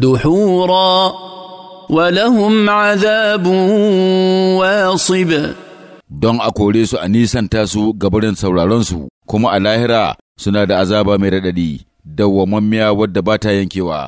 دحورا ولهم عذاب واصب don a kore su a nisanta su gabarin sauraronsu kuma a lahira suna da azaba mai raɗaɗi dawwamammiya wadda ba ta yankewa